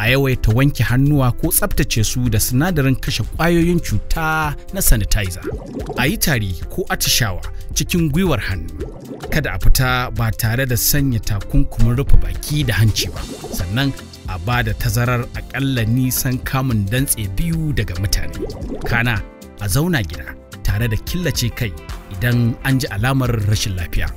a yawaita wanke hannuwa ko tsabtace su da sinadarin kashe kwayoyin cuta na sanitizer. A yi tari ko atishawa cikin gwiwar hannu. Kada a fita ba tare da sanya takunkumin rufe baki da hanci ba. Sannan a ba da tazarar aƙalla nisan kamun dantse biyu daga mutane. Kana a zauna gida tare da killace kai idan an ji alamar rashin lafiya.